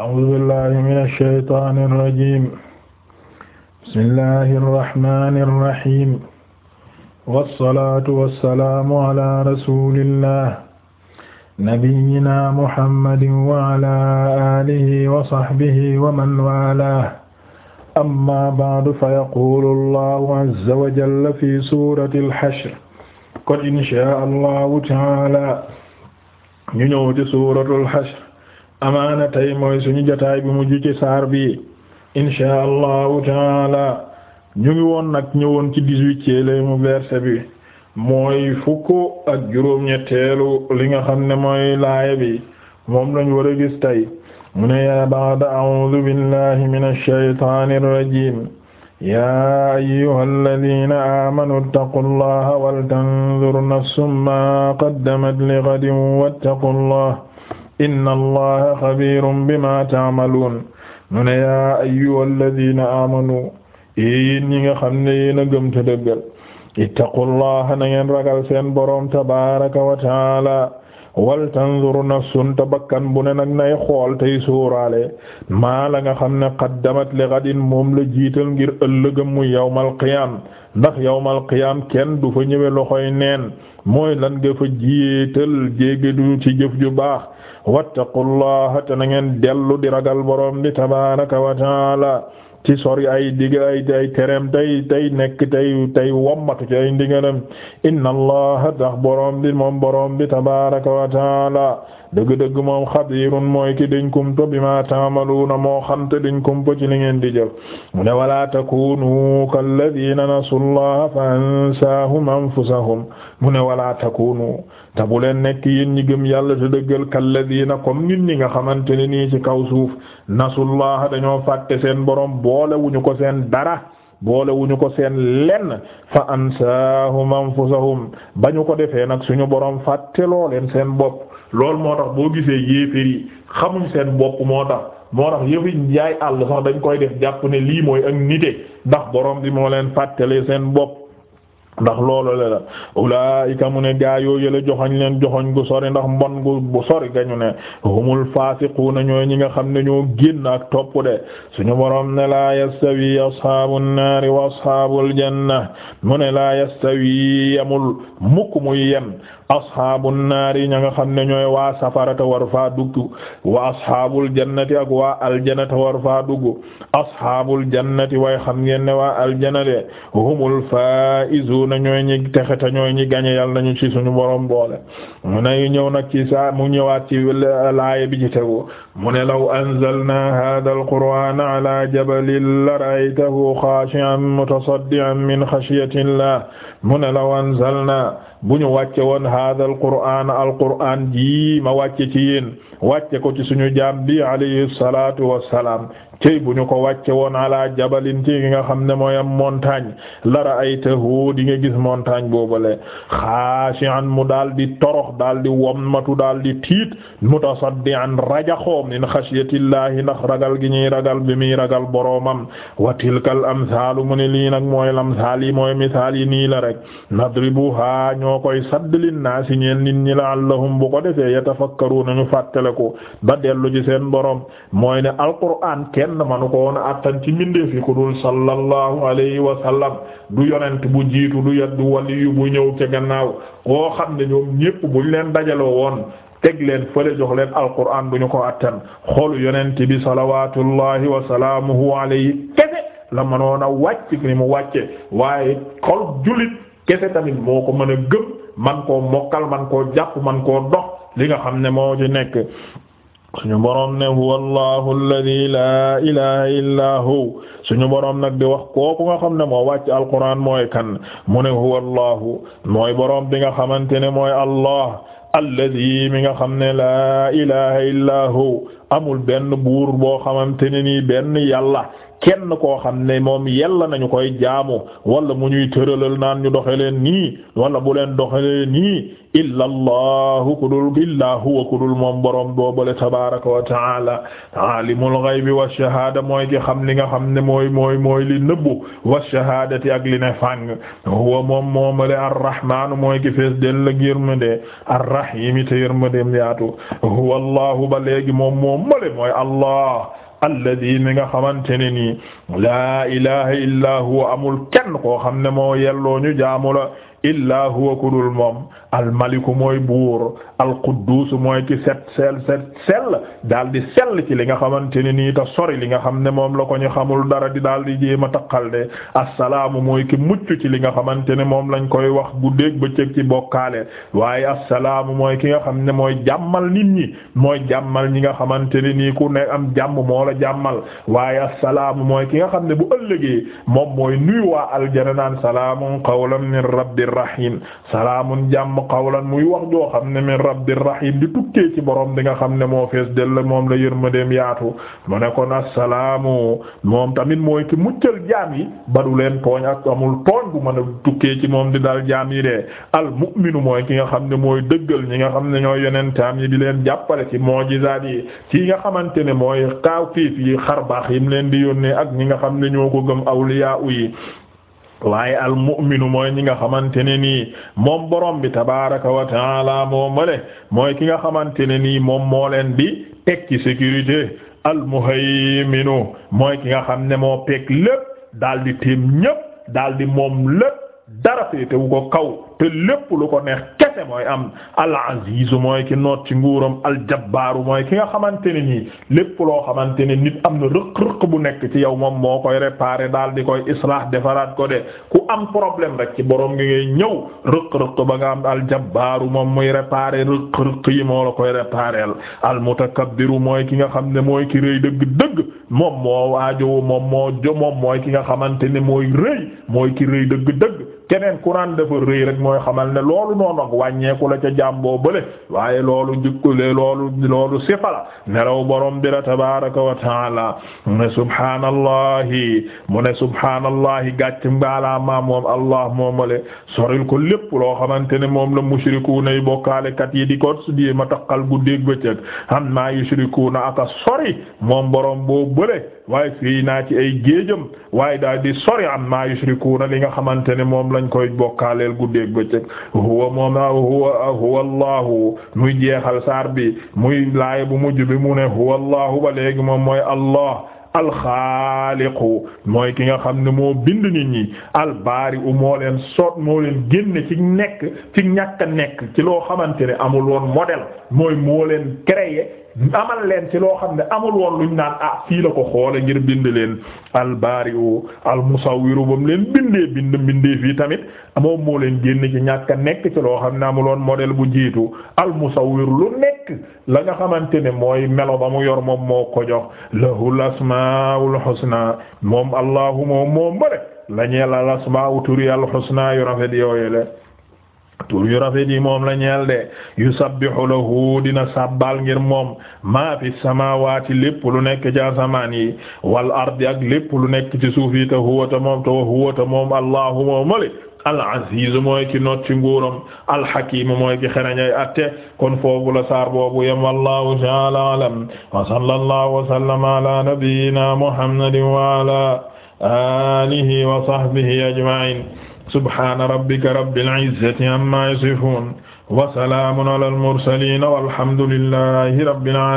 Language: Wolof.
أعوذ بالله من الشيطان الرجيم بسم الله الرحمن الرحيم والصلاة والسلام على رسول الله نبينا محمد وعلى آله وصحبه ومن والاه أما بعد فيقول الله عز وجل في سورة الحشر قد إن شاء الله تعالى ñu ñëw ci suuratul Hashr amaana tey mooy suñu jotaay bi mujj ci saar bi insha allahu taala ñu ngi woon nag ñëwoon ci dix-huitième verset bi mooy fukk ak juróom-ñetteelu li nga xam ne mooy laaya bi moom lañ war a gis tey mu ne yaa ba'da a'uudu billahi minash shaytaanir rajiim yaa ayyuhal ladiina aamanu ittaqullaha wal tanzur nafsum maa qaddamat lighadin wattaqullaha inna allaha xabiirun bima taamaluun mu ne yaa ayyuha alladina aamanu yéen ñi nga xam ne yéen a gëm te dëggal ittaqullaha na ngeen ragal seen boroom tabaraka wa taala wal tanzuru nafsun te bakkan bu ne nag nay xool tey sóoraale maa la nga xam ne qaddamat li gadin moom la jiital ngir ëllëgëm mu yawmal qiyaam ndax yawmal qiyaam kenn du fa ñëwe loxoy neen mooy lan nga fa jiital jéegadu ci jëf ju baax wattaqullaha te na ngeen dellu di ragal borom bi tabaaraka wa taala ci sori ay digg ay ay tereem tey tey nekk tey tey wommatu ci ay ndigalam inna allaha tax borom bi moom borom bi tabaaraka wa taala dëgg-dëgg moom xabirun mooy ki dañ kumpa bi ma taamaluuna moo xam te dañ kumpa ci li ngeen di jëf mu ne wala takunu kalladina nasullaha fa ansaahum anfusahum mu ne wala takunu te bu leen nekk yéen ñi gëm yàlla te dëggal kalladina comme nit ñi nga xamante ne nii ci kaw suuf nasullaha dañoo fàtte seen borom boole wuñu ko seen dara boole wuñu ko seen lenn fa ansaahum anfusahum ba ñu ko defee nag suñu borom fàtteloo leen seen bopp loolu moo tax boo gisee yéeféer yi xamuñ seen bopp moo tax moo tax yëfi njaay àll sax dañ koy def jàpp ne lii mooy ak nite ndax borom bi moo leen fàttelee seen bopp. ndax loolu la la ulaayika mu ne gaa yoo yële joxoñ leen joxoñ gu sori ndax mbon gu sori gañu ne humul faasiquuna ñooy ñi nga xam ne ñoo génn ak topp de ñu borom ne laa yastawi ashaabun naari wa ashaabul janna mu ne laa yastawi yamul mukk muy yem asxaabun naari ña nga xam ne ñooy waa safarata war faa dugg wa asxaabul jannati ak waa aljanata war faa dugg asxaabul jannati waaye xam ngeen ne waa aljanate humul faa'izuuna ñooy ñi texe te ñooy ñi gañe yal nañu ci suñu borom boole mu nay ñëw nag ci saa mu ñëwaat ci laaya bi ci tegu mu ne law anzalnaa haadha alqur'aana alaa jabalin la ra'aytahu xaashi'an mutasaddi'an min xashyatillah mu ne law anzalnaa bu ñu wàcce woon haadha alqur'aana alqur'aan ji ma wàcce ci yéen wàcce ko ci suñu jaam bi alayhi salaatu wa salaam cey bu ñu ko wàcce woon ala jabalin ci nga xam ne mooy am montagne la ra'aytahu di nga gis montagne boobale xaashi'an mu daal di torox daal di wommatu daal di tiit mutasaddi'an rajaxoom min xashyatillahi ndax ragal gi ñuy ragal bi muy ragal boroomam wa tilkal amsaalu mu ne lii nag mooy lamsaal yi mooy misaal yi nii la rek nadribuha ñoo koy sadd linnaasi ñeen nit ñi la'allahum bu ko defee yatafakkaruuna ñu fàttale ko ba dellu ci seen boroom mooy kenn manu ko woon a attan ci mbindeef yi ku dul sallallahu alayhi wa sallam du yonent bu jiitu du yat du waliyu bu ñëw ca gannaaw koo xam ne ñoom ñépp buñ leen dajaloo woon teg leen fële jox leen alquran bu ñu ko attan xolu yonent bi salawatullahi wa salaamuhu alayhi kese la manoon a wàcc ni mu wàcce waaye xol jullit kese tamit moo ko mën a gëm man koo mokkal man koo jàpp man koo dox li nga xam ne moo ci nekk suñu boroom ne huwa allahu alladi laa ilaha illaa hu suñu boroom nag di wax kooku nga xam ne moo wàcc alquran mooy kan mu ne huwa allahu mooy boroom bi nga xamante ne mooy allah alladi mi nga xam ne laa ilaha illaa hu amul benn buur boo xamante ne nii benn yàlla kenn koo xam ne moom yàlla nañu koy jaamu wala mu ñuy tëralal naan ñu doxe leen nii wala bu leen doxe leen nii illa allahu ku dul illaa huwa ku dul moom boroom boobale tabaraka wa taala aalimul ghaybi wa shahaada mooy ki xam li nga xam ne mooy mooy mooy li nëbbu wa shahaadati ak li ne fàng huwa moom moomale arrahmaanu mooy ki fees del la yërmande arrahimi te yërmandeem yaatu huwa allahu ba moom moom moom male mooy allah alladi mi nga xamante ne nii laa ilaha illaa huwa amul kenn koo xam ne moo yelloo ñu jaamu la illaa huwa kudul moom almaliku mooy buur alquddus mooy ki set sel set sell daal di sel ci li nga xamante ne nii te sori li nga xam ne moom la ko ñu xamul dara di daal di jéem a taqal de assalaamu mooy ki mucc ci li nga xamante ne moom lañ koy wax bu guddeeg bëccëg ci bokkaale waaye assalaamu mooy ki nga xam ne mooy jàmmal nit ñi mooy jàmmal ñi nga xamante ne nii ku ne am jàmm moo la jàmmal waaye assalaamu mooy ki nga xam ne bu ëllëgee moom mooy nuy waa rahim salaamun jàmm qawlan muy wax joo xam ne min rabbir rahim di tukkee ci boroom di nga xam ne moo fees del moom la yërmandeem yaatu mu ne kon assalaamu moom tamit mooy ki muccal jaam yi ba du leen tooñ ak amul tooñ bu mën a tukkee ci moom di daal jaam yi de al mu'minu mooy ki nga xam ne mooy dëggal ñi nga xam ne ñoo yeneen yonentaam yi di leen jàppale ci mu'jizaat yi ci nga xamante ne mooy kaaw fiif yi xarbaax yim leen di yónnee ak ñi nga xam ne ñoo ko gëm awliya yi waaye al mu'minu mooy ñi nga xamante ne nii moom borom bi tabaaraka wa taala moom male mooy ki nga xamante ne nii moom moo leen bi teg ci sécurité al muhayminu mooy ki nga xam ne moo peeg lépp daal di tiim ñépp daal di moom lépp dara féetewu ko kaw te lépp lu ko neex kese mooy am al aziz mooy ki noot ci nguuram al jabbaar mooy ki nga xamante ne nii lépp loo xamante ne nit am na rëq-rëq bu nekk ci yow moom moo koy réparer daal di koy islaax defaraat ko de ku am problème rek ci borom ngi ngay ñëw rëq-rëq ba nga am al jabbaar moom muy réparer rëq-rëq yi moo la koy réparer al mutakabbir mooy ki nga xam ne mooy ki rëy dëgg dëgg. moom moo waajowoo moom moo jo moom mooy ki nga xamante ne mooy moo ki rëy dëgg-dëgg keneen kuraan dafa rëy rek mooy xamal ne loolu noonu ak wàññeeku la ca jàmboo bële waaye loolu njukkulee loolu loolu sifala nelaw borom bi la tabaraka wa taala mu ne subhaanallahi mu ne subhaanallahi gàcc mbaalaa maa moom allah moomale soril ko lépp loo xamante ne moom la mushrikuuna yi bokkaalekat yi di ko di ma taqal guddeeg bëccëg am maa yushrikuuna aka sori moom borom boobu fële waaye fii naa ci ay géejam waaye daal di sori am maa yushrikuuna li nga xamante ne moom lañ koy bokkaaleel guddeeg bëccëg huwa moom huwa huwa allahu muy jeexal saar bi muy laay bu mujj bi mu ne huwa allahu ba léegi moom mooy allah alxaaliqu mooy ki nga xam ne moo bind nit ñi albaari u moo leen soot moo leen génne ci nekk ci ñàkk nekk ci loo xamante ne amul woon modèle mooy moo leen créé amal leen ci loo xam ne amul woon lu luñ naan ah fii la ko xoole ngir bind leen albaari u almusawiru ba mu leen bindee bind bindee fii tamit moom moo leen génne ci ñàkk nekk ci loo xam ne amul woon modèle bu jiitu almusawiru lu nekk nekk la nga xamante ne mooy melo ba mu yor moom moo ko jox lahul asmaul husna moom allahu moom moom bare la ñeel al asmaau turi al husna yu rafet yooyele tur yu rafet yi moom la ñeel de yusabbihu lahu dina sabbal ngir moom maa fi samaawaati lépp lu nekk ci asamaan yi wal ardi ak lépp lu nekk ci suuf yi te huwa ta moom te huwa ta moom allahu moom al aziz mooy ki not ci nguuram al hakim mooy ki xereñ ay atte kon foofu la saar boobu yam wallahu ta'ala alam wa sallallahu wa sallama ala nabiyyina muhammadin wa ala alihi wa sahbihi ajma'in subhana rabbika rabbil izzati amma yasifun wa salamun ala al mursalin walhamdulillahi rabbil alamin